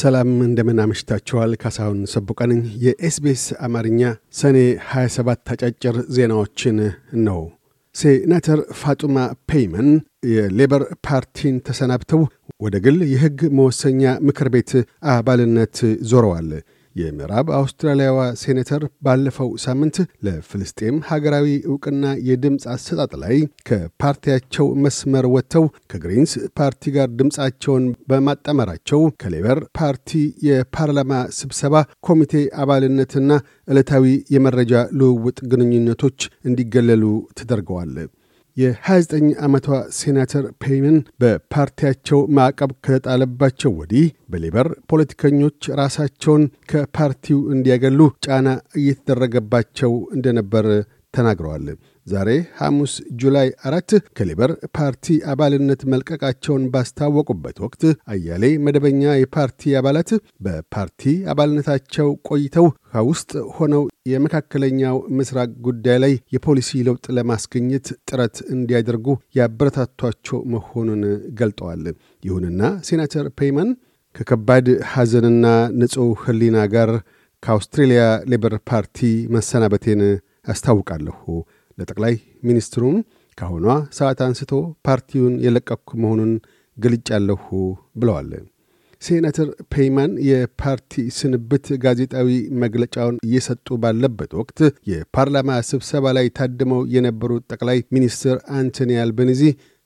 ሰላም እንደምን አመሽታችኋል። ካሳሁን ሰቡቀንኝ የኤስቤስ የኤስቢኤስ አማርኛ ሰኔ 27 አጫጭር ዜናዎችን ነው። ሴናተር ፋጡማ ፔይመን የሌበር ፓርቲን ተሰናብተው ወደ ግል የሕግ መወሰኛ ምክር ቤት አባልነት ዞረዋል። የምዕራብ አውስትራሊያዋ ሴኔተር ባለፈው ሳምንት ለፍልስጤም ሀገራዊ እውቅና የድምፅ አሰጣጥ ላይ ከፓርቲያቸው መስመር ወጥተው ከግሪንስ ፓርቲ ጋር ድምፃቸውን በማጣመራቸው ከሌበር ፓርቲ የፓርላማ ስብሰባ ኮሚቴ አባልነትና ዕለታዊ የመረጃ ልውውጥ ግንኙነቶች እንዲገለሉ ተደርገዋል። የ29 ዓመቷ ሴናተር ፔይመን በፓርቲያቸው ማዕቀብ ከተጣለባቸው ወዲህ በሌበር ፖለቲከኞች ራሳቸውን ከፓርቲው እንዲያገሉ ጫና እየተደረገባቸው እንደነበር ተናግረዋል። ዛሬ ሐሙስ ጁላይ አራት ከሊበር ፓርቲ አባልነት መልቀቃቸውን ባስታወቁበት ወቅት አያሌ መደበኛ የፓርቲ አባላት በፓርቲ አባልነታቸው ቆይተው ከውስጥ ሆነው የመካከለኛው ምስራቅ ጉዳይ ላይ የፖሊሲ ለውጥ ለማስገኘት ጥረት እንዲያደርጉ ያበረታቷቸው መሆኑን ገልጠዋል። ይሁንና ሴናተር ፔይመን ከከባድ ሐዘንና ንጹሕ ህሊና ጋር ከአውስትሬልያ ሌበር ፓርቲ መሰናበቴን አስታውቃለሁ ለጠቅላይ ሚኒስትሩም ካሁኗ ሰዓት አንስቶ ፓርቲውን የለቀኩ መሆኑን ገልጫለሁ ብለዋል። ሴናተር ፔይማን የፓርቲ ስንብት ጋዜጣዊ መግለጫውን እየሰጡ ባለበት ወቅት የፓርላማ ስብሰባ ላይ ታድመው የነበሩት ጠቅላይ ሚኒስትር አንቶኒ አልበኒዚ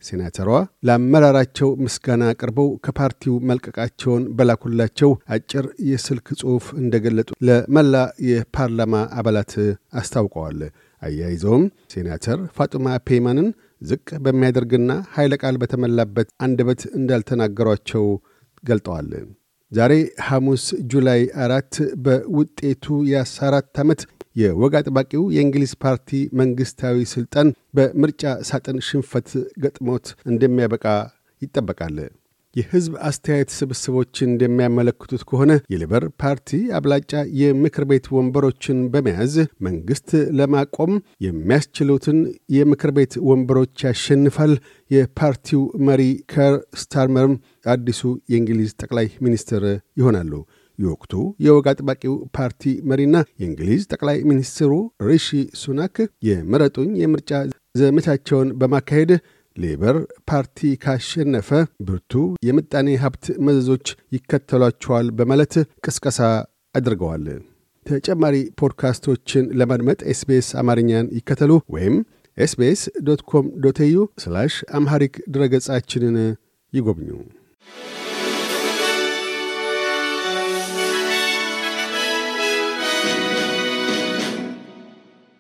ሴናተሯ ለአመራራቸው ምስጋና አቅርበው ከፓርቲው መልቀቃቸውን በላኩላቸው አጭር የስልክ ጽሑፍ እንደገለጡ ለመላ የፓርላማ አባላት አስታውቀዋል። አያይዘውም ሴናተር ፋጡማ ፔማንን ዝቅ በሚያደርግና ኃይለ ቃል በተመላበት አንደበት እንዳልተናገሯቸው ገልጠዋል። ዛሬ ሐሙስ ጁላይ አራት በውጤቱ የ14 ዓመት የወግ አጥባቂው የእንግሊዝ ፓርቲ መንግሥታዊ ሥልጣን በምርጫ ሳጥን ሽንፈት ገጥሞት እንደሚያበቃ ይጠበቃል። የህዝብ አስተያየት ስብስቦች እንደሚያመለክቱት ከሆነ የሊበር ፓርቲ አብላጫ የምክር ቤት ወንበሮችን በመያዝ መንግስት ለማቆም የሚያስችሉትን የምክር ቤት ወንበሮች ያሸንፋል። የፓርቲው መሪ ከር ስታርመርም አዲሱ የእንግሊዝ ጠቅላይ ሚኒስትር ይሆናሉ። የወቅቱ የወግ አጥባቂው ፓርቲ መሪና የእንግሊዝ ጠቅላይ ሚኒስትሩ ሪሺ ሱናክ የምረጡኝ የምርጫ ዘመቻቸውን በማካሄድ ሌበር ፓርቲ ካሸነፈ ብርቱ የምጣኔ ሀብት መዘዞች ይከተሏቸዋል በማለት ቅስቀሳ አድርገዋል። ተጨማሪ ፖድካስቶችን ለማድመጥ ኤስቤስ አማርኛን ይከተሉ ወይም ኤስቤስ ዶት ኮም ዶት ኤዩ አምሃሪክ ድረገጻችንን ይጎብኙ።